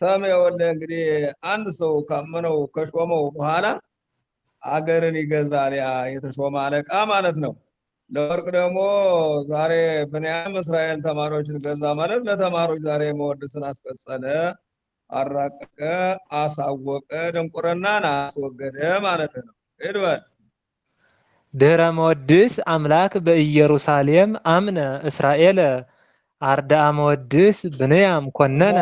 ሰም የወልህ እንግዲህ አንድ ሰው ካመነው ከሾመው በኋላ አገርን ይገዛል። ያ የተሾመ አለቃ ማለት ነው። ለወርቅ ደግሞ ዛሬ ብንያም እስራኤል ተማሪዎችን ገዛ ማለት ለተማሪዎች ዛሬ መወድስን አስቀጸለ፣ አራቀቀ፣ አሳወቀ፣ ድንቁርናን አስወገደ ማለት ነው። ይድበል ድህረ መወድስ አምላክ በኢየሩሳሌም አምነ እስራኤል አርዳአ መወድስ ብንያም ኮነነ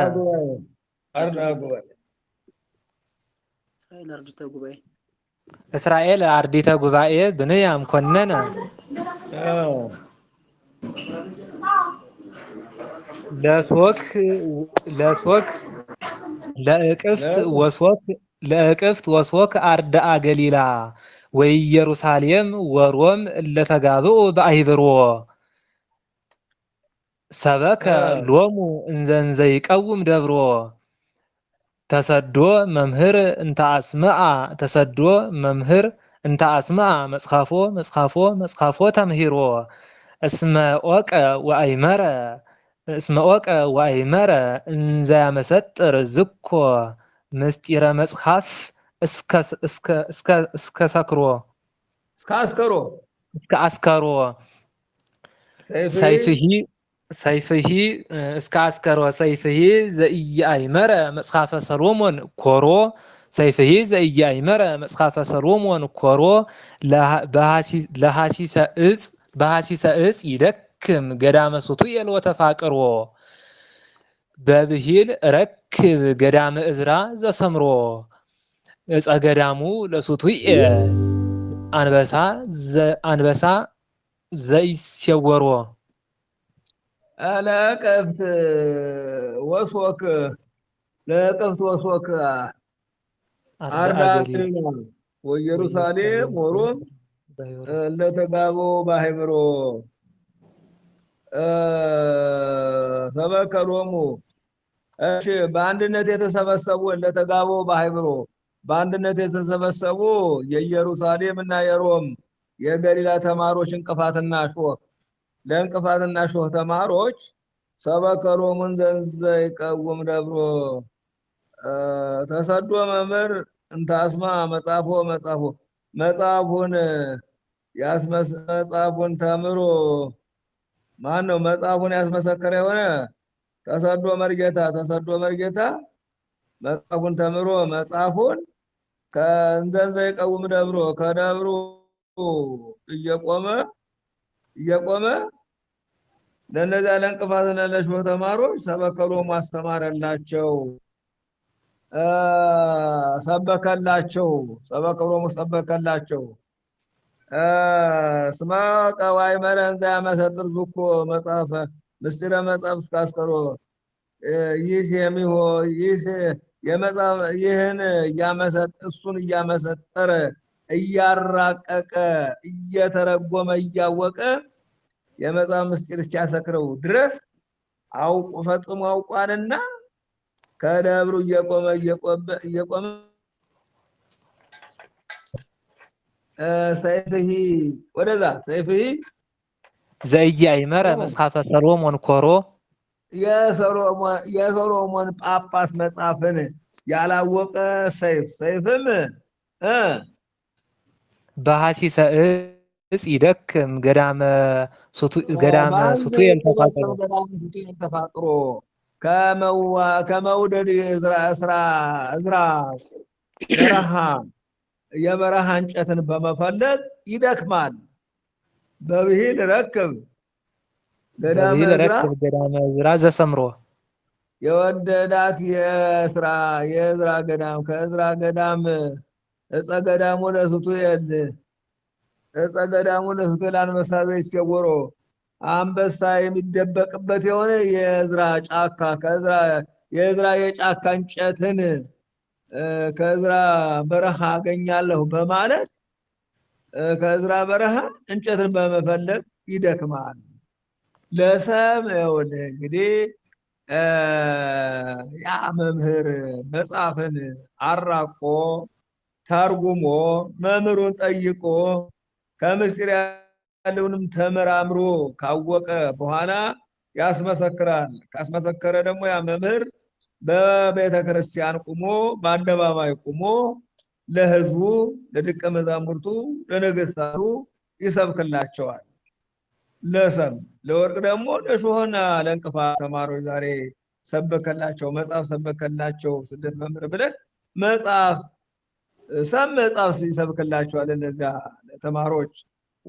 እስራኤል አርዲተ ጉባኤ ብንያም ኮነነ ለሶክ ለእቅፍት ወሶክ ለእቅፍት ወሶክ አርድአ ገሊላ ወኢየሩሳሌም ወሮም ለተጋብኡ በአይብሮ ሰበከ ሎሙ እንዘንዘ ይቀውም ደብሮ ተሰዶ መምህር እንተ አስምዐ ተሰዶ መምህር እንተ አስምዐ መጽሐፎ መጽሐፎ መጽሐፎ ተምህሮ እስመ ኦቀ ወአይመረ እስመ ኦቀ ወአይመረ እንዘ ያመሰጥር ዝኮ ምስጢረ መጽሐፍ እስከ ሰክሮ እስከ አስከሮ እስከ አስከሮ ሰይፍሂ ሰይፍሂ እስከ አስከሮ ሰይፍሂ ዘኢያእመረ መጽሐፈ ሰሎሞን ኮሮ ሰይፍሂ ዘኢያእመረ መጽሐፈ ሰሎሞን ኮሮ በሐሲሰ ዕፅ ይደክም ገዳመ ሱቱኤል የልወተፋቅሮ በብሂል ረክብ ገዳመ እዝራ ዘሰምሮ እፀ ገዳሙ ለሱቱኤል አንበሳ አንበሳ ዘይሴወሮ ለቅፍት ወሶክ ለቅፍት ወሶክ አርባ ወኢየሩሳሌም ወሮም ለተጋበው ባሕብሮ ሰበከሎሙ። እሺ በአንድነት የተሰበሰቡ ለተጋበው ባሕብሮ በአንድነት የተሰበሰቡ የኢየሩሳሌም እና የሮም የገሊላ ተማሪዎች እንቅፋትና ሾህ ለእንቅፋትና ሾህ ተማሮች ሰበከሎሙን ዘንዘ ይቀውም ደብሮ ተሰዶ መምህር እንታስማ መጻፎ መጻፎ መጽሐፉን ያስመስ መጽሐፉን ተምሮ ማን ነው መጽሐፉን ያስመሰከረ የሆነ ተሰዶ መርጌታ ተሰዶ መርጌታ መጽሐፉን ተምሮ መጽሐፉን ከእንዘንዘ ይቀውም ደብሮ ከደብሩ እየቆመ እየቆመ ለነዛ ለእንቅፋት ለለሾ ተማሪዎች ሰበከሎ ማስተማረላቸው ሰበከላቸው ሰበከሎ ሰበከላቸው ስማ ቀዋይ መረንዛ ያመሰጥር ዝኮ መጽሐፈ ምስጢረ መጽሐፍ እስካስቀሮ ይህ የሚሆ ይህ ይህን እያመሰጥ እሱን እያመሰጠረ እያራቀቀ እየተረጎመ እያወቀ የመጽሐፍ ምስጢር እስኪያሰክረው ድረስ አውቁ ፈጽሞ አውቋንና ከደብሩ እየቆመ እየቆመ ሰይፍሂ ወደዛ ሰይፍሂ ዘኢያእመረ መጽሐፈ ሰሎሞን ኮሮ የሰሎሞን ጳጳስ መጽሐፍን ያላወቀ ሰይፍ ሰይፍም በሐሲሰ እጽ ይደክም ገዳመ ገዳመ ሱቱኤል ተፋጥሮ ተፋቅሮ ከመውደድ እዝራ በረሃ የበረሃ እንጨትን በመፈለግ ይደክማል። በብሂል ረክብ ገዳመ እዝራ ዘሰምሮ የወደዳት የስራ የእዝራ ገዳም ከእዝራ ገዳም እፀ ገዳሙ ለፍቱየል እፀ ገዳሙ ለፍቱየል አንበሳ ዘይሴወሮ አንበሳ የሚደበቅበት የሆነ የእዝራ ጫካ ከእዝራ የእዝራ የጫካ እንጨትን ከእዝራ በረሃ አገኛለሁ በማለት ከእዝራ በረሃ እንጨትን በመፈለግ ይደክማል። ለሰም እንግዲህ ያ መምህር መጽሐፍን አራቆ ተርጉሞ መምህሩን ጠይቆ ከምስጢር ያለውንም ተመራምሮ ካወቀ በኋላ ያስመሰክራል። ካስመሰከረ ደግሞ ያ መምህር በቤተ ክርስቲያን ቁሞ በአደባባይ ቁሞ ለሕዝቡ ለደቀ መዛሙርቱ ለነገስታቱ ይሰብክላቸዋል። ለሰም ለወርቅ ደግሞ ለሾሆና ለእንቅፋት ተማሪዎች ዛሬ ሰበከላቸው መጽሐፍ ሰበከላቸው ስደት መምህር ብለን መጽሐፍ ሰም መጽሐፍ ይሰብክላቸዋል። እነዚያ ተማሮች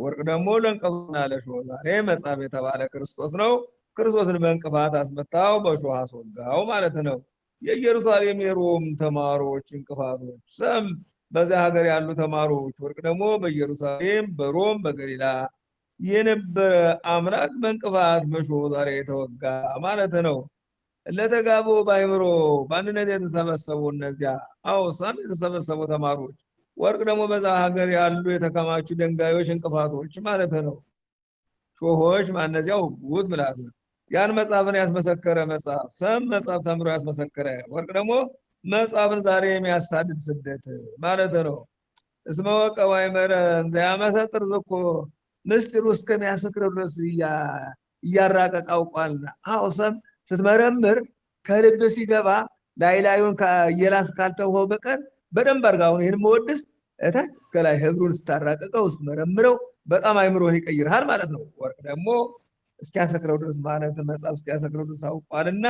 ወርቅ ደግሞ ለእንቅፋትና ለሾ ዛሬ መጽሐፍ የተባለ ክርስቶስ ነው። ክርስቶስን በእንቅፋት አስመታው፣ በሾ አስወጋው ማለት ነው። የኢየሩሳሌም የሮም ተማሮች እንቅፋቶች፣ ሰም በዚያ ሀገር ያሉ ተማሮች፣ ወርቅ ደግሞ በኢየሩሳሌም በሮም በገሊላ የነበረ አምላክ በእንቅፋት በእሾህ ዛሬ የተወጋ ማለት ነው። ለተጋቦ ባይምሮ በአንድነት የተሰበሰቡ እነዚያ አዎ ሳን የተሰበሰቡ ተማሪዎች ወርቅ ደግሞ በዛ ሀገር ያሉ የተከማቹ ድንጋዮች፣ እንቅፋቶች ማለት ነው። ሾሆች ማነዚያው ጉት ምላት ያን መጽሐፍን ያስመሰከረ መጽሐፍ ሰም መጽሐፍ ተምሮ ያስመሰከረ ወርቅ ደግሞ መጽሐፍን ዛሬ የሚያሳድድ ስደት ማለት ነው። እስመ ወቀ ዋእመረ ዘያመሰጥር ዝኮ ምስጢር ውስጥ ከሚያስክር ድረስ እያራቀቅ አውቋልና አዎ ሰም ስትመረምር ከልብ ሲገባ ላይ ላዩን እየላስ ካልተውኸው በቀር በደንብ አድርጋ አሁን ይህን መወድስ እታች እስከ ላይ ህብሩን ስታራቀቀው ስትመረምረው በጣም አይምሮን ይቀይርሃል ማለት ነው። ወርቅ ደግሞ እስኪያሰክረው ድረስ ማለት መጽሐፍ እስኪያሰክረው ድረስ አውቋልና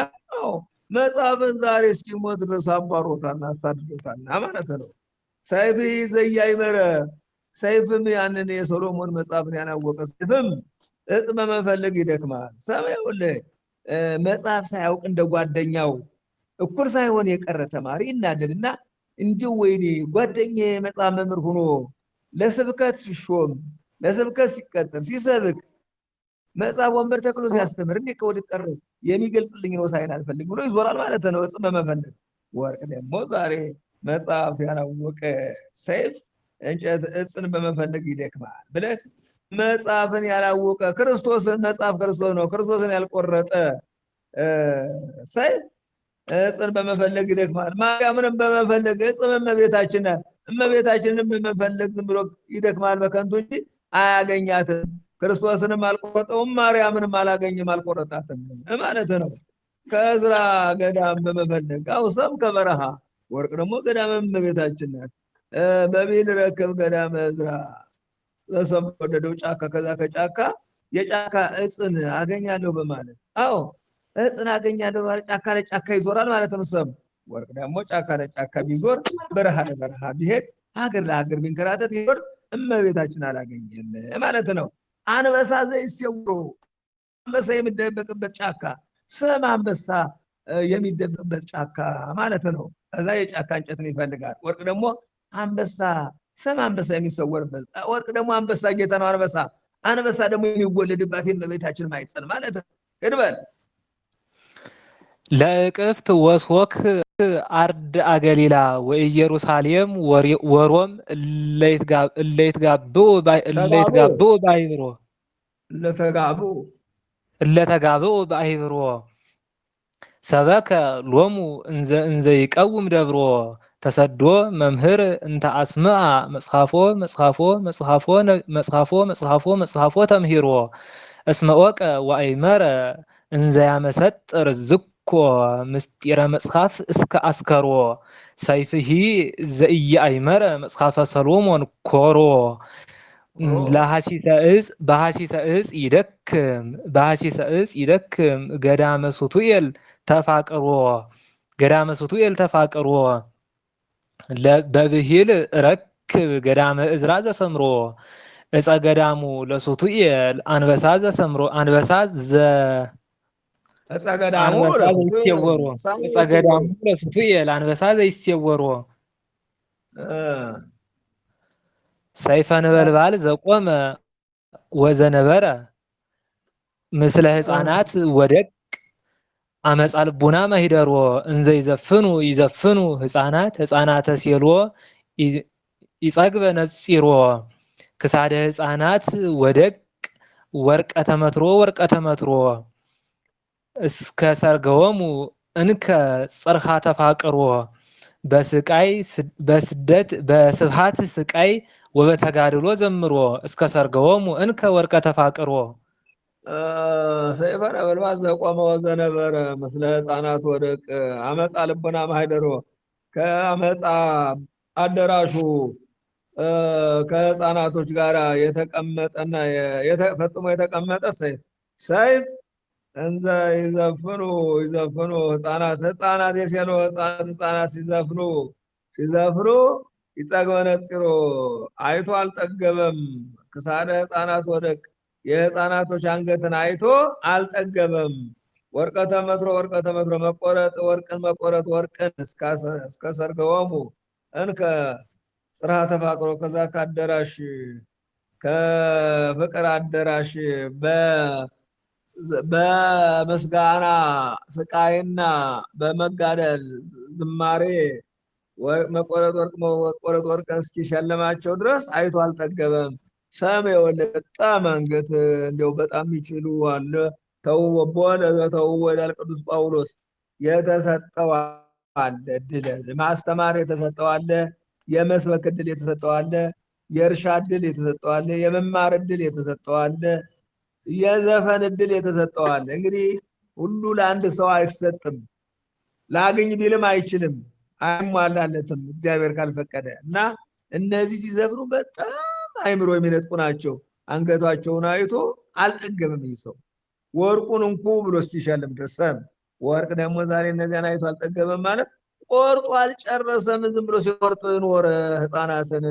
መጽሐፍን ዛሬ እስኪሞት ድረስ አንባሮታና አሳድዶታና ማለት ነው። ሰይፍ ዘያይመረ ሰይፍም ያንን የሶሎሞን መጽሐፍን ያናወቀ ሰይፍም እጽ በመፈለግ ይደክማል ሰማያውልህ መጽሐፍ ሳያውቅ እንደ ጓደኛው እኩል ሳይሆን የቀረ ተማሪ እናደድና እንዲሁ ወይኔ ጓደኛ መጽሐፍ መምህር ሆኖ ለስብከት ሲሾም ለስብከት ሲቀጠር ሲሰብክ መጽሐፍ ወንበር ተክሎ ሲያስተምር እኔ ከወዲት ቀረ የሚገልጽልኝ ነው ሳይን አልፈልግ ብሎ ይዞራል ማለት ነው። እጽ በመፈለግ ወርቅ ደግሞ ዛሬ መጽሐፍ ያላወቀ ሰይፍ እንጨት እጽን በመፈለግ ይደክማል ብለህ መጽሐፍን ያላወቀ ክርስቶስን መጽሐፍ ክርስቶስ ነው። ክርስቶስን ያልቆረጠ ሰይ እጽን በመፈለግ ይደክማል። ማርያምንም በመፈለግ እጽም እመቤታችን ናት። እመቤታችንንም በመፈለግ ዝም ብሎ ይደክማል በከንቱ እንጂ አያገኛትም። ክርስቶስንም አልቆረጠውም፣ ማርያምንም አላገኝም አልቆረጣትም ማለት ነው። ከእዝራ ገዳም በመፈለግ አው ሰም ከበረሃ ወርቅ ደግሞ ገዳም እመቤታችን ናት። በቢል ረክብ ገዳም እዝራ ዘሰንበደደው ጫካ ከዛ ከጫካ የጫካ እጽን አገኛለሁ በማለት አዎ እጽን አገኛለሁ በማለት ጫካ ለጫካ ይዞራል ማለት ነው። ሰም ወርቅ ደግሞ ጫካ ለጫካ ቢዞር በረሃ ለበረሃ ቢሄድ ሀገር ለሀገር ቢንከራተት ይወር እመቤታችን አላገኘም ማለት ነው። አንበሳ ዘይሴውሮ አንበሳ የሚደበቅበት ጫካ ሰም አንበሳ የሚደበቅበት ጫካ ማለት ነው። ከዛ የጫካ እንጨትን ይፈልጋል። ወርቅ ደግሞ አንበሳ ሰም አንበሳ የሚሰወርበት ወርቅ ደግሞ አንበሳ ጌታ ነው። አንበሳ አንበሳ ደግሞ የሚወለድባት እመቤታችን ማይጸን ማለት እድበል ለእቅፍት ወስወክ አርድ አገሊላ ወኢየሩሳሌም ወሮም እለይትጋብኡ በአይብሮ እለተጋብኡ ባይብሮ ሰበከ ሎሙ እንዘይቀውም ደብሮ ተሰዶ መምህር እንተ አስምዐ መጽሐፎ መጽሐፎ መጽሐፎ መጽሐፎ መጽሐፎ መጽሐፎ ተምሂሮ እስመ ወቀ ወአይመረ እንዘያመሰጥር ዝኮ ምስጢረ መጽሐፍ እስከ አስከሮ ሰይፍሂ ዘኢየአይመረ መጽሐፈ ሰሎሞን ኮሮ ለሐሲሰ እጽ በሐሲሰ እጽ ይደክም በሐሲሰ እጽ ይደክም ገዳመ ሱቱኤል ተፋቅሮ ገዳመ ሱቱኤል ተፋቅሮ በብሂል ረክብ ገዳመ እዝራ ዘሰምሮ እፀ ገዳሙ ለሱቱኤ አንበሳ ዘሰምሮ አንበሳ ዘ እፀ ገዳሙ ለሱቱኤ አንበሳ ዘይሴወሮ ሰይፈ ነበልባል ዘቆመ ወዘነበረ ምስለ ሕፃናት ወደቅ አመፃ ልቡና መሂደርዎ እንዘ ይዘፍኑ ይዘፍኑ ህፃናት ህፃናተ ሴልዎ ይጸግበ ክሳደ ህፃናት ወደቅ ወርቀ ተመትሮ ወርቀ ተመትሮ እስከ ሰርገወሙ እንከ ጽርሃ ተፋቅርዎ በስቃይ በስደት በስብሃት ስቃይ ወበተጋድሎ ዘምርዎ እስከ ሰርገወሙ እንከ ወርቀ ተፋቅርዎ ሰይፈን በልባት ዘቆመ ወዘነበረ ምስለ ህፃናት ወደቅ አመፃ ልቡና ማህደሮ ከአመፃ አደራሹ ከህፃናቶች ጋር የተቀመጠና ፈጽሞ የተቀመጠ ሰይፍ ሰይፍ እንዘ ይዘፍኑ ይዘፍኑ ህፃናት ህፃናት የሴሎ ህፃናት ህፃናት ሲዘፍኑ ሲዘፍኑ ይጠግበነጽሮ አይቶ አልጠገበም ክሳደ ህፃናት ወደቅ የህፃናቶች አንገትን አይቶ አልጠገበም። ወርቀተ መትሮ ወርቀተ መትሮ መቆረጥ ወርቅን መቆረጥ ወርቅን እስከ ሰርገወሙ እንከ ጽርሐ ተፋቅሮ ከዛ ከአዳራሽ ከፍቅር አዳራሽ በምስጋና ስቃይና በመጋደል ዝማሬ መቆረጥ ወርቅ መቆረጥ ወርቅን እስኪሸልማቸው ድረስ አይቶ አልጠገበም። ሰም በጣም አንገት እንዲያው በጣም ይችሉ አለ ተውቦነ ተውወዳል ቅዱስ ጳውሎስ የተሰጠው አለ እድል ማስተማር የተሰጠው አለ የመስበክ እድል የተሰጠው አለ የእርሻ እድል የተሰጠው አለ የመማር እድል የተሰጠው አለ የዘፈን እድል የተሰጠው አለ እንግዲህ ሁሉ ለአንድ ሰው አይሰጥም ላግኝ ቢልም አይችልም አይሟላለትም እግዚአብሔር ካልፈቀደ እና እነዚህ ሲዘፍኑ በጣም አይምሮ የሚነጥቁ ናቸው። አንገቷቸውን አይቶ አልጠገምም ይህ ሰው ወርቁን እንኩ ብሎ ስትሻልም ደርሰም ወርቅ ደግሞ ዛሬ እነዚያን አይቶ አልጠገምም ማለት ቆርጦ አልጨረሰም። ዝም ብሎ ሲቆርጥ ኖረ። ህፃናትን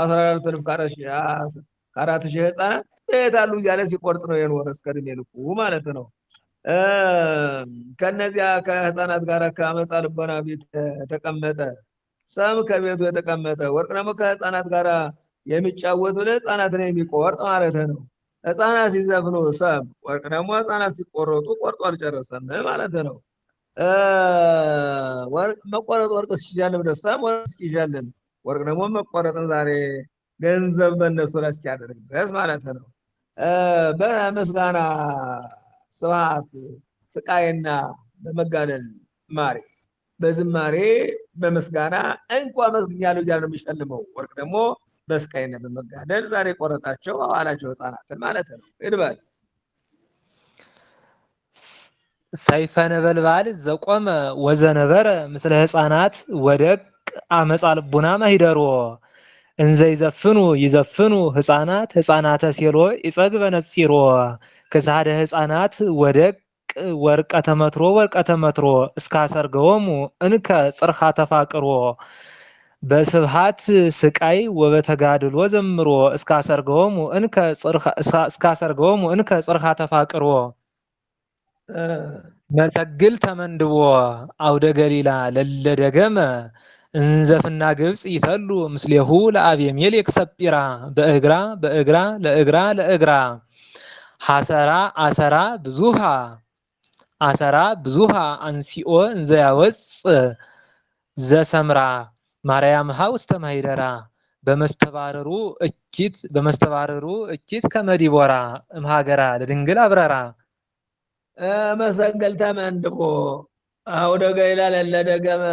አስራ አራትን ከአራት ሺህ ህፃናት የት አሉ እያለ ሲቆርጥ ነው የኖረ እስከ ዕድሜ ልኩ ማለት ነው። ከነዚያ ከህፃናት ጋር ከአመፃ ልቦና ቤት ተቀመጠ። ሰም ከቤቱ የተቀመጠ ወርቅ ደግሞ ከህፃናት ጋር የሚጫወቱ ነው የሚቆርጥ ማለት ነው። ህፃናት ሲዘፍኑ ሰብ ወርቅ ደግሞ ህፃናት ሲቆረጡ ቆርጦ አልጨረሰም ማለት ነው። መቆረጥ ወርቅ እስኪሻልም ደሳ ወርቅ እስኪሻልም ወርቅ ደግሞ መቆረጥን ዛሬ ገንዘብ በእነሱ ላይ እስኪያደርግ ድረስ ማለት ነው። በምስጋና ስብሐት ስቃይና በመጋደል ማሪ በዝማሬ በምስጋና እንኳ መስግኛለሁ እያለ ነው የሚሸልመው። ወርቅ ደግሞ በስቃይነ በመጋደል ዛሬ ቆረጣቸው አዋላቸው ህፃናትን ማለት ነው። እንበል ሰይፈ ነበልባል ዘቆመ ወዘነበረ ምስለ ህፃናት ወደቅ አመፃ ልቡና መሂደሮ እንዘ ይዘፍኑ ይዘፍኑ ህፃናት ህፃናተ ሴሎ ይጸግበ ነጺሮ ክሳደ ህፃናት ወደቅ ወርቀ ተመትሮ ወርቀ ተመትሮ እስካሰርገወሙ እንከ ጽርሃ ተፋቅሮ በስብሃት ስቃይ ወበተጋድሎ ዘምሮ እስካሰርገሆሙ እንከ ጽርሃ እስካሰርገሆሙ እንከ ተፋቅሮ መተግል ተመንድቦ አውደ ገሊላ ለለ እንዘፍና ግብጽ ይተሉ ምስሌሁ ለአብየሜል የክሰጲራ በእግራ በእግራ ለእግራ ለእግራ ሐሰራ አሰራ ብዙሃ አሰራ ብዙሃ አንሲኦ እንዘያወፅ ዘሰምራ ማርያም ሀ ውስተ ማይደራ በመስተባረሩ እኪት በመስተባረሩ እኪት ከመዲቦራ እምሃገራ ለድንግል አብረራ መሰንገል መንድቆ አውደ ገሊላ ለለ ደገመ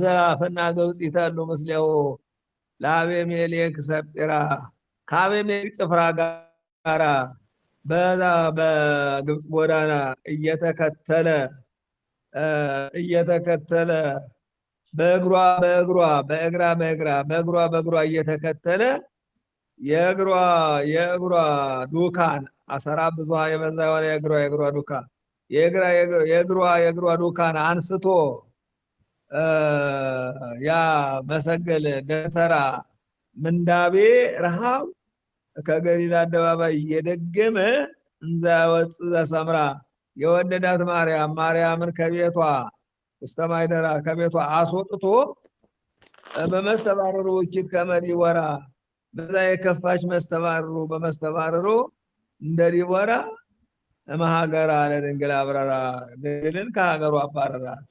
ዘፈና ገብፅ ይታሉ ምስሌው ለአቤሜሌክ ሰጲራ ከአቤሜሌክ ጭፍራ ጋራ በዛ በግብፅ ጎዳና እየተከተለ እየተከተለ በእግሯ በእግሯ በእግራ በእግራ በእግሯ በእግሯ እየተከተለ የእግሯ የእግሯ ዱካን አሰራ ብዙ የበዛ የሆነ የእግሯ የእግሯ ዱካን የእግራ የእግሯ የእግሯ ዱካን አንስቶ ያ መሰገል ደብተራ ምንዳቤ ረሃብ ከገሊላ አደባባይ እየደገመ እንዛ ወጽ ዘሰምራ የወደዳት ማርያም ማርያምን ከቤቷ እስተማይደራ ከቤቷ አስወጥቶ በመስተባረሩ እኪድ ወራ በዛ የከፋች መስተባረሩ በመስተባረሩ እንደ ዲቦራ አለ ድንግል አብረራ ድንግልን ከሀገሩ አባረራት።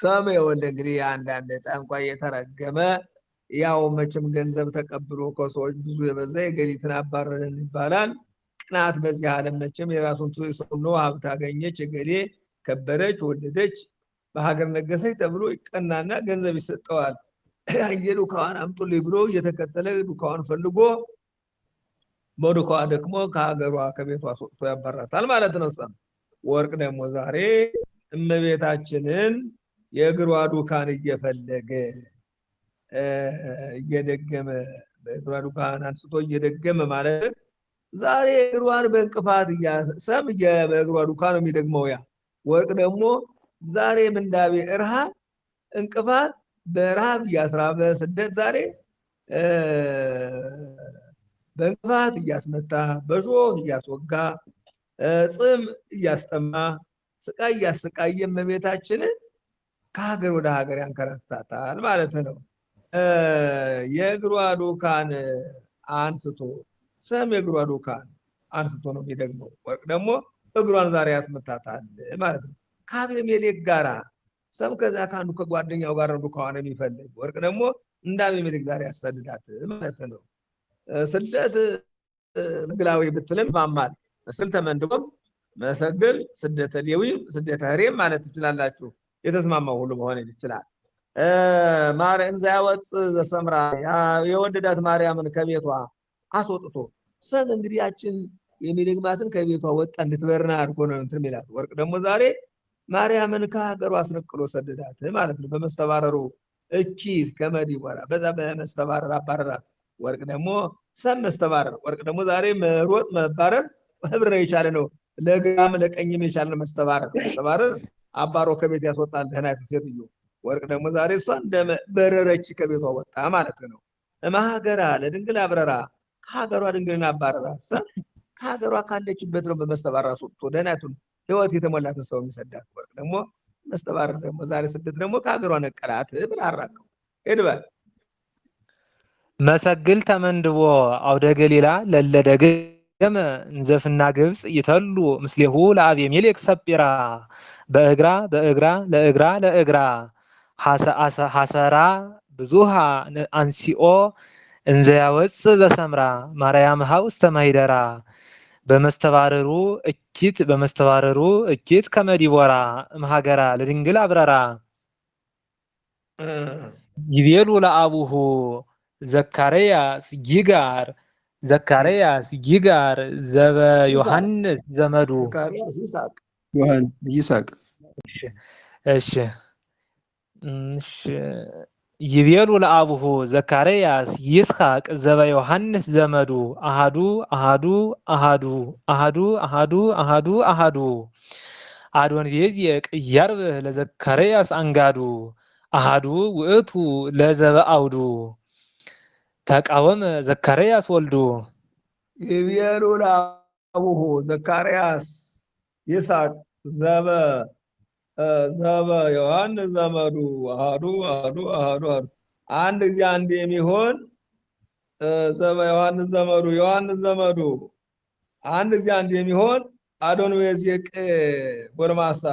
ሰሜ የወልድ እንግዲህ አንዳንድ ጠንቋይ የተረገመ ያው መቼም ገንዘብ ተቀብሎ ከሰዎች ብዙ የበዛ የገሊትን አባረረን ይባላል። ቅናት በዚህ ዓለም መቼም የራሱን ሰው ነው ሀብት አገኘች፣ የገሌ ከበረች፣ ወደደች በሀገር ነገሰኝ ተብሎ ይቀናና ገንዘብ ይሰጠዋል። አየ ዱካዋን አምጡልኝ ብሎ እየተከተለ ዱካዋን ፈልጎ በዱካዋ ደግሞ ከሀገሯ ከቤቷ ሶጥቶ ያባራታል ማለት ነው። ሰም ወርቅ ደግሞ ዛሬ እመቤታችንን የእግሯ ዱካን እየፈለገ እየደገመ በእግሯ ዱካን አንስቶ እየደገመ ማለት ዛሬ እግሯን በእንቅፋት ሰም በእግሯ ዱካ ነው የሚደግመው ያ ወርቅ ደግሞ ዛሬ ምንዳቤ እርሃብ እንቅፋት በረሃብ እያስራበ ስደት ዛሬ በእንቅፋት እያስመታ በሾህ እያስወጋ ጽም እያስጠማ ስቃይ እያስቃየ እመቤታችንን ከሀገር ወደ ሀገር ያንከራታታል ማለት ነው። የእግሯ ዶካን አንስቶ ሰም የእግሯ ዶካን አንስቶ ነው የሚደግመው። ወርቅ ደግሞ እግሯን ዛሬ ያስመታታል ማለት ነው። ከአቤሜሌክ ጋራ ሰም ከዛ ከአንዱ ከጓደኛው ጋር አንዱ ከሆነ የሚፈልግ ወርቅ ደግሞ እንደ አቤሜሌክ ጋር ያሰድዳት ማለት ነው። ስደት ምግላዊ ብትልም ይስማማል። ስልተ መንድቆም መሰግል ስደተ ሌዊም ስደተ ህሬም ማለት ትችላላችሁ። የተስማማው ሁሉ መሆን ይችላል። ማርያም ዛያወፅ ዘሰምራ የወደዳት ማርያምን ከቤቷ አስወጥቶ ሰም እንግዲህ ያችን የሚልግማትን ከቤቷ ወጣ እንድትበርና አድርጎ ነው እንትን የሚላት። ወርቅ ደግሞ ዛሬ ማርያምን ከሀገሩ አስነቅሎ ሰደዳት ማለት ነው። በመስተባረሩ እኪት ከመዲቦራ በዛ በመስተባረር አባረራት። ወርቅ ደግሞ ሰብ መስተባረር ወርቅ ደግሞ ዛሬ መሮጥ መባረር ህብረ የቻለ ነው። ለግራም ለቀኝም የቻለ ነው። መስተባረር መስተባረር አባሮ ከቤት ያስወጣል። ደህናይቱ ሴትዮ ወርቅ ደግሞ ዛሬ እሷ እንደ ከቤቷ ወጣ ማለት ነው። እማሀገራ ለድንግል አብረራ ከሀገሯ ድንግልን አባረራ ሰ ከሀገሯ ካለችበት ነው በመስተባረር አስወጥቶ ደህናቱን ህይወት የተሞላትን ሰው የሚሰዳት ወርቅ ደግሞ መስተባር ደግሞ ዛሬ ስደት ደግሞ ከሀገሯ ነቀላት ብላ አራቀው ሄድበል መሰግል ተመንድቦ አውደ ገሊላ ለለደገመ እንዘፍና ግብፅ ይተሉ ምስሌሁ ለአብ የሚል ሰጲራ በእግራ በእግራ ለእግራ ለእግራ ሀሰራ ብዙሃ አንሲኦ እንዘያወፅ ዘሰምራ ማርያም ሀ ውስተ ማሂደራ በመስተባረሩ እኪት በመስተባረሩ እኪት ከመዲቦራ እምሃገራ ለድንግል አብረራ ይቤሉ ለአቡሁ ዘካርያስ ጊጋር ዘካርያስ ጊጋር ዘበ ዮሐንስ ዘመዱ ይሳቅ እሺ እሺ ይቤሉ ለአቡሁ ዘካርያስ ይስሐቅ ዘበ ዮሐንስ ዘመዱ አሃዱ አሃዱ አሃዱ አሃዱ አሃዱ አሃዱ አሃዱ ቤዝየቅ ያርብህ ለዘካርያስ አንጋዱ አሃዱ ውእቱ ለዘበ አውዱ ተቃወመ ዘካርያስ ወልዱ ይቤሉ ለአቡሁ ዘካርያስ ይስሐቅ ዘበ ዘበ ዮሐንስ ዘመዱ አሃዱ አሃዱ አሃዱ አሃዱ አንድ ጊዜ አንድ የሚሆን ዘበ ዮሐንስ ዘመዱ ዮሐንስ ዘመዱ አንድ ጊዜ አንድ የሚሆን አዶን ቤዜቅ ጎርማሳ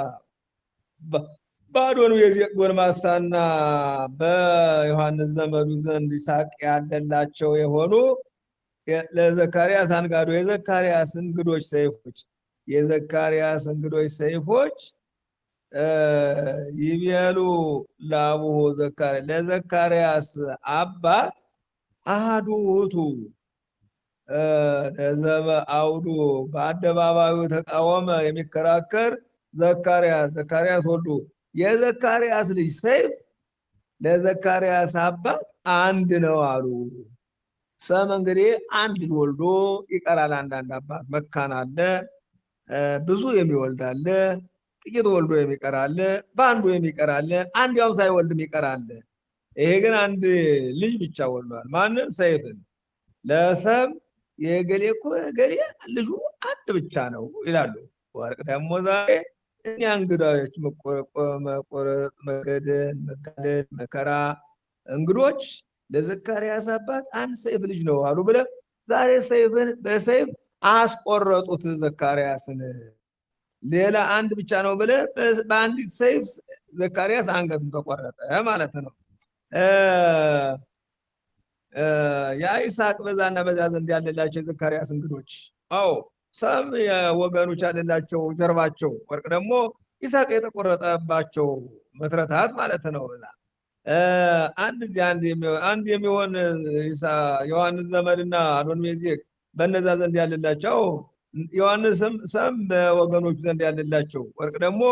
በአዶን ቤዜቅ ጎርማሳና በዮሐንስ ዘመዱ ዘንድ ይስሐቅ ያለላቸው የሆኑ ለዘካርያስ አንጋዶ የዘካርያስ እንግዶች ሰይፎች የዘካርያስ እንግዶች ሰይፎች ይቤሉ ለአቡሁ ዘካርያስ ለዘካርያስ አባ አህዱ ውእቱ ለዘበ አውዱ በአደባባዩ ተቃወመ የሚከራከር ዘካርያስ ዘካርያስ ወልዱ የዘካርያስ ልጅ ሰይፍ ለዘካርያስ አባ አንድ ነው አሉ። ሰም እንግዲህ አንድ ወልዶ ይቀራል። አንዳንድ አባት መካን አለ፣ ብዙ የሚወልዳለ ጥቂት ወልዶ የሚቀር አለ፣ በአንዱ የሚቀራለ፣ አንድ ያውም ሳይወልድም አለ። ይሄ ግን አንድ ልጅ ብቻ ወልዷል። ማንም ሰይፍን ለሰም የገሌ እኮ ገሌ ልጁ አንድ ብቻ ነው ይላሉ። ወርቅ ደግሞ ዛሬ እኛ እንግዳዎች መቆረጥ፣ መገደል፣ መጋደል፣ መከራ እንግዶች ለዘካርያስ አባት አንድ ሰይፍ ልጅ ነው አሉ ብለ ዛሬ ሰይፍን በሰይፍ አስቆረጡት ዘካርያስን። ሌላ አንድ ብቻ ነው ብለ በአንዲት ሰይፍ ዘካርያስ አንገቱን ተቆረጠ ማለት ነው። የአይሳቅ በዛና በዛ ዘንድ ያለላቸው የዘካርያስ እንግዶች፣ አዎ ሰም የወገኖች ያለላቸው ጀርባቸው፣ ወርቅ ደግሞ ይሳቅ የተቆረጠባቸው መትረታት ማለት ነው። በዛ አንድ እዚህ አንድ የሚሆን ዮሐንስ ዘመድና አዶንቤዜቅ በነዛ ዘንድ ያለላቸው ዮሐንስም ሰም በወገኖች ዘንድ ያለላቸው ወርቅ ደግሞ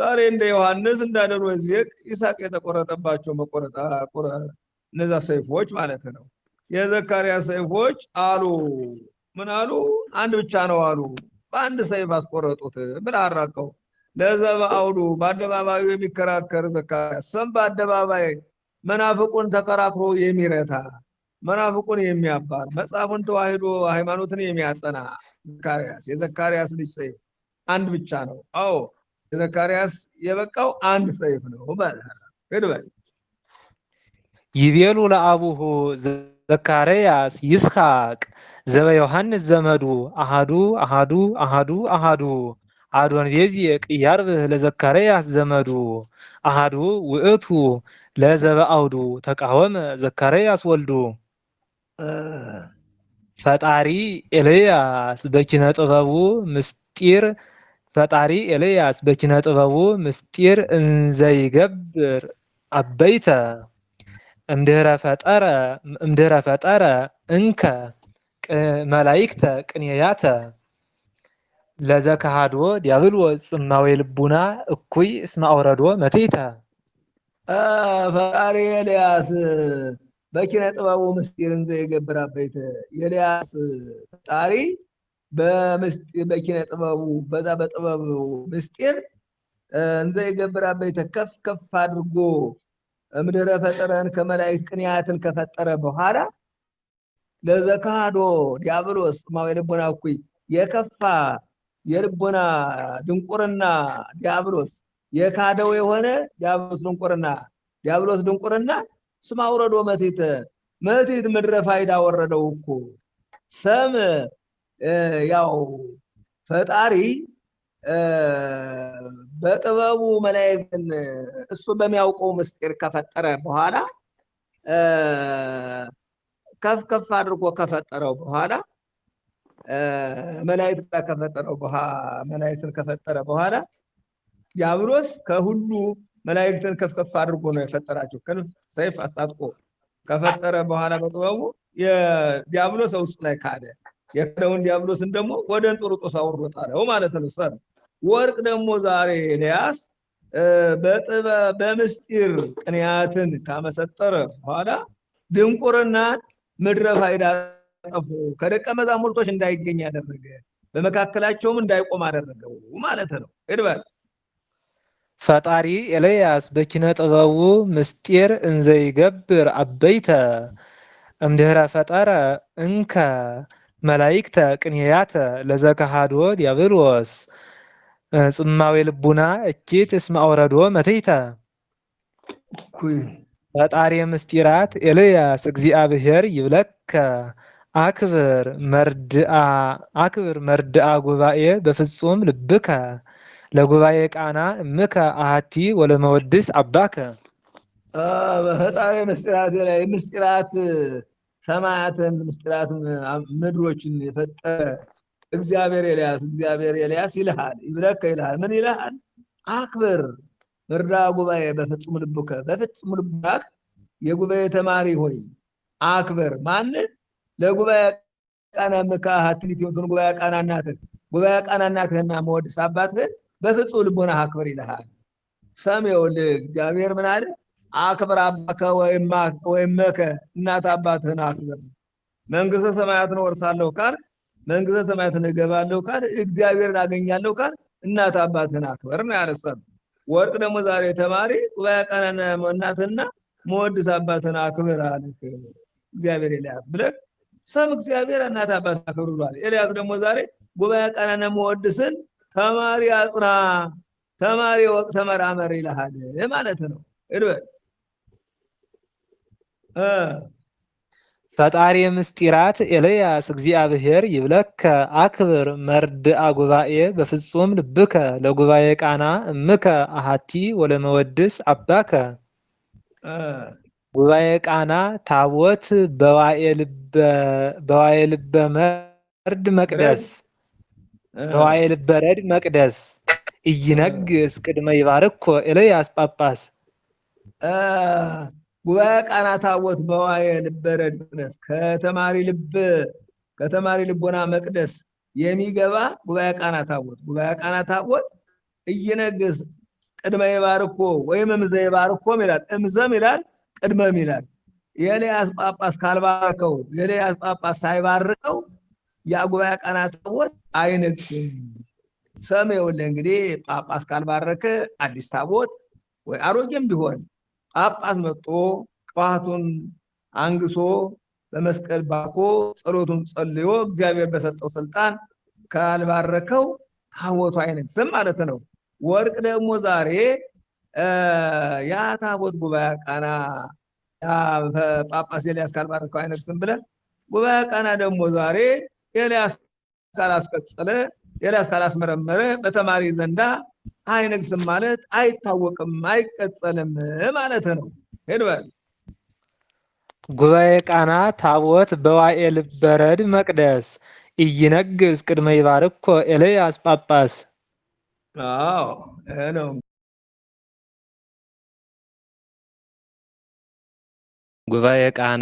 ዛሬ እንደ ዮሐንስ እንዳደሩ ዚቅ ይስሐቅ የተቆረጠባቸው መቆረጣ እነዛ ሰይፎች ማለት ነው። የዘካርያ ሰይፎች አሉ። ምን አሉ? አንድ ብቻ ነው አሉ። በአንድ ሰይፍ አስቆረጡት ብለ አራቀው። ለዘበ አውዱ በአደባባዩ የሚከራከር ዘካርያ ሰም በአደባባይ መናፍቁን ተከራክሮ የሚረታ መናፍቁን የሚያባር መጽሐፉን ተዋህዶ ሃይማኖትን የሚያጸና ዘካርያስ የዘካርያስ ልጅ ሰይፍ አንድ ብቻ ነው። አዎ የዘካርያስ የበቃው አንድ ሰይፍ ነው። በል ይቤሉ ለአቡሁ ዘካርያስ ይስሐቅ ዘበ ዮሐንስ ዘመዱ አሃዱ አሃዱ አሃዱ አሃዱ አዶን ቤዜቅ ያርብህ ለዘካርያስ ዘመዱ አሃዱ ውእቱ አውዱ ተቃወመ ዘካርያስ ወልዱ ፈጣሪ ኤልያስ በኪነ ጥበቡ ምስጢር ፈጣሪ ኤልያስ በኪነ ጥበቡ ምስጢር እንዘይገብር አበይተ እምድህረ ፈጠረ እንከ መላይክተ ቅኔያተ ለዘካሃዶ ዲያብሎስ ጽማዌ ልቡና እኩይ እስመ አውረዶ መቴተ ፈጣሪ ኤልያስ በኪነ ጥበቡ ምስጢርን ዘየገብር የገብር አበይተ ኤልያስ ፈጣሪ በኪነ ጥበቡ በዛ በጥበቡ ምስጢር እንዘ የገብር አበይተ ከፍ ከፍ አድርጎ ምድረ ፈጠረን ከመላእክት ቅንያትን ከፈጠረ በኋላ ለዘካዶ ዲያብሎስ ማ የልቦና እኩይ የከፋ የልቦና ድንቁርና ዲያብሎስ የካደው የሆነ ዲያብሎስ ድንቁርና ዲያብሎስ ድንቁርና ስማ ውረዶ መቴት መቴት ምድረ ፋይዳ ወረደው እኮ ሰም ያው ፈጣሪ በጥበቡ መላእክትን እሱ በሚያውቀው ምስጢር ከፈጠረ በኋላ ከፍ ከፍ አድርጎ ከፈጠረው በኋላ መላእክት ከፈጠረው በኋላ መላእክትን ከፈጠረ በኋላ ዲያብሎስ ከሁሉ መላእክትን ከፍ ከፍ አድርጎ ነው የፈጠራቸው። ክንፍ ሰይፍ አስታጥቆ ከፈጠረ በኋላ በጥበቡ የዲያብሎስ ውስጥ ላይ ካደ። የካደውን ዲያብሎስን ደግሞ ወደ እንጦሮጦስ አውርዶ ጣለው ማለት ነው። ሰር ወርቅ ደግሞ ዛሬ ኤልያስ በጥበ በምስጢር ቅንያትን ካመሰጠረ በኋላ ድንቁርናን ምድረ ፋይዳ ጠፉ ከደቀ መዛሙርቶች እንዳይገኝ ያደረገ በመካከላቸውም እንዳይቆም አደረገው ማለት ነው። ይድበል ፈጣሪ ኤልያስ በኪነ ጥበቡ ምስጢር እንዘይገብር አበይተ እምድህረ ፈጠረ እንከ መላይክተ ቅንያተ ለዘካሃዶ ዲያብሎስ ጽማዊ ልቡና እኪት እስመ አውረዶ መትይተ ፈጣሪ ምስጢራት ኤልያስ እግዚአብሔር ይብለከ አክብር መርድአ አክብር መርድአ ጉባኤ በፍጹም ልብከ ለጉባኤ ቃና እምከ አሐቲ ወለመወድስ አባከ በፈጣሪ ምስጢራት ላይ ምስጢራት ሰማያትን ምስጢራት ምድሮችን የፈጠረ እግዚአብሔር ኤልያስ እግዚአብሔር ኤልያስ ይልሃል ይብለከ ይልሃል ምን ይልሃል አክብር ምርዳ ጉባኤ በፍጹም ልብከ በፍጹም ልቡከ የጉባኤ ተማሪ ሆይ አክብር ማንን ለጉባኤ ቃና ምካሃት ሊትዩን ጉባኤ ቃና እናትህ ጉባኤ ቃና እናትህና መወድስ አባትህን በፍጹም ልቦና አክብር ይልሃል። ሰሜውል እግዚአብሔር ምን አለ? አክብር አባከ ወይመከ እናት አባትህን አክብር። መንግስተ ሰማያትን ወርሳለሁ ካል መንግስተ ሰማያትን እገባለሁ ካል እግዚአብሔርን አገኛለሁ ካል እናት አባትህን አክብር ነው ያነሳል። ወርቅ ደግሞ ዛሬ ተማሪ ጉባኤ እናትና መወድስ አባትህን አክብር አልክ እግዚአብሔር ኤልያስ ብለህ ሰም እግዚአብሔር እናት አባትህን አክብር ብሏል። ኤልያስ ደግሞ ዛሬ ጉባኤ ቀነነ መወድስን ተማሪ አጽና፣ ተማሪ ወቅ፣ ተመራመር ይልሃል ማለት ነው። እድበል ፈጣሪ ምስጢራት ኤልያስ እግዚአብሔር ይብለከ አክብር መርድአ ጉባኤ በፍጹም ልብከ ለጉባኤ ቃና እምከ አሃቲ ወለመወድስ አባከ ጉባኤ ቃና ታቦት በዋኤ ልበ መርድ መቅደስ በዋይ ልበረድ መቅደስ እይነግ እስቅድመ ይባርኮ ኤልያስ ጳጳስ ጉባኤ ቃና ታቦት በዋይ ልበረድ መቅደስ ከተማሪ ልብ ከተማሪ ልቦና መቅደስ የሚገባ ጉባኤ ቃና ታቦት ጉባኤ ቃና ታቦት እይነግስ ቅድመ ይባርኮ ወይም እምዘ ይባርኮም ይላል። እምዘም ይላል፣ ቅድመም ይላል። የኤልያስ ጳጳስ ካልባረከው የኤልያስ ጳጳስ ሳይባርከው ያ ጉባኤ ቃና ታቦት አይነግስም። ሰም እንግዲህ ጳጳስ ካልባረከ አዲስ ታቦት ወይ አሮጌም ቢሆን ጳጳስ መጥቶ ቅባቱን አንግሶ በመስቀል ባኮ ጸሎቱን ጸልዮ እግዚአብሔር በሰጠው ስልጣን ካልባረከው ታቦቱ አይነግስም ማለት ነው። ወርቅ ደግሞ ዛሬ ያ ታቦት ጉባኤ ቃና ጳጳስ ኤልያስ ካልባረከው አይነግስም ብለን ጉባኤ ቃና ደግሞ ዛሬ ኤልያስ ካላስቀጸለ የራስ ካላስመረመረ በተማሪ ዘንዳ አይነግስም ማለት አይታወቅም፣ አይቀጸልም ማለት ነው። ሄድበል ጉባኤ ቃና ታቦት በዋኤል በረድ መቅደስ ኢይነግስ ቅድመ ይባርኮ ኤልያስ ጳጳስ። አዎ ይሄ ነው ጉባኤ ቃና